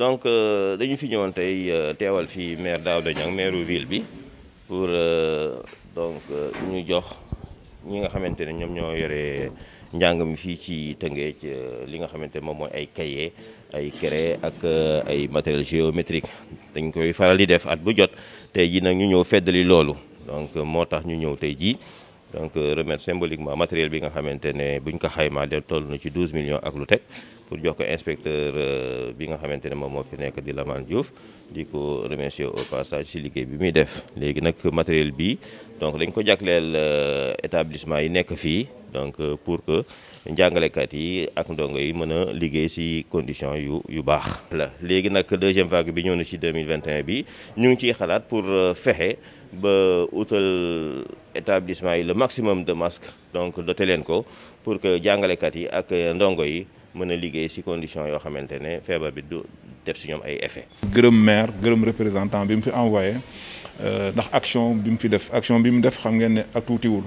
donc euh, dañu fi ñëwoon tey euh, teewal fii maire Daouda Niang maire ville bi pour euh, donc ñu jox ñi nga xamante ne ñoom ñoo yore njàng mi fii ci Tëngéej li nga xamante ne moom mooy ay cahier ay craie ak ay matériel géométrique dañ koy faral di def at bu jot tey jii nag ñu ñëw feddali loolu donc moo tax ñu ñëw tey jii donc remettre symboliquement matériel bi nga xamantene buñ ko xayma dem toll na ci 12 millions ak lu tek pour jox ko inspecteur bi nga xamantene mom mo fi nek di Lamane Diouf di ko remercier au passage ci liguey bi mi def legui nak matériel bi eh, donc dañ ko jaklel établissement yi nek fi donc eh, pour que njangale kat yi ak ndongo yi e meuna liguey ci condition yu yu bax la legui nak deuxième vague bi ñëw na ci 2021 bi ñu ngi ci xalaat pour eh, fexé ba outal établissement le maximum de masques donc doté leen pour que kat yi ak ndongo yi meuna a ci condition yo xamantene ne bi du def ci ñom ay effet grum maire grum représentant bi mu fi envoyé euh, ndax action bi mu fi def action bi mu def xam ngeen ne ak wul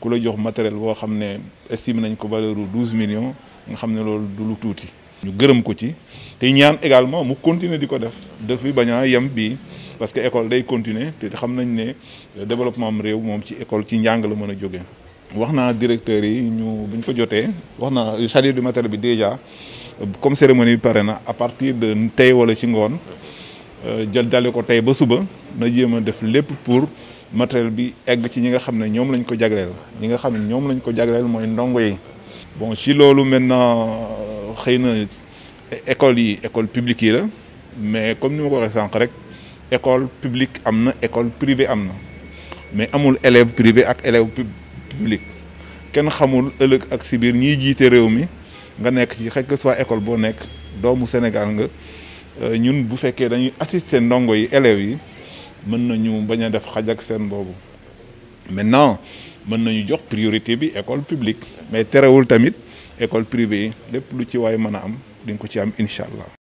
ku la jox matériel bo xamne ne estime nañ ko valeur 12 millions nga xamne ne du lu touti ñu gërëm ko ci te ñaan également mu continuer diko quoi def def bi bañ yam bi parce que école day continuer te xam nañ ne développement réew moom ci école ci njàng la mën a jóge wax naa directeur yi ñu bu ñu ko jotee wax naa c'est-à-dire du matériel bi déjà comme cérémonie bi pare na à partir de tey wala ci ngoon euh, jël dale ko tey ba suba na jéem a def lépp pour matériel bi egg ci ñi nga xam ne ñoom lañ ko jagleel ñi nga xam ñoom lañ ko jagleel mooy ndongo yi bon ci loolu maintenant xëy na école yi école publique yi la mais comme ni ma ko sànq rek école publique amna école privée amna mais amul élève privé ak élève public ken xamul ëllëg ak si biir ñiy jiite réew mi nga nek ci xëy soit école bo nek doomu Sénégal nga euh, ñun bu féké dañuy assister ndongo yi élève yi mën nañu baña def xaj ak seen maintenant mën nañu jox priorité bi école publique mais téréwul tamit école privée lepp lu ci waay mëna am di ko ci am inshallah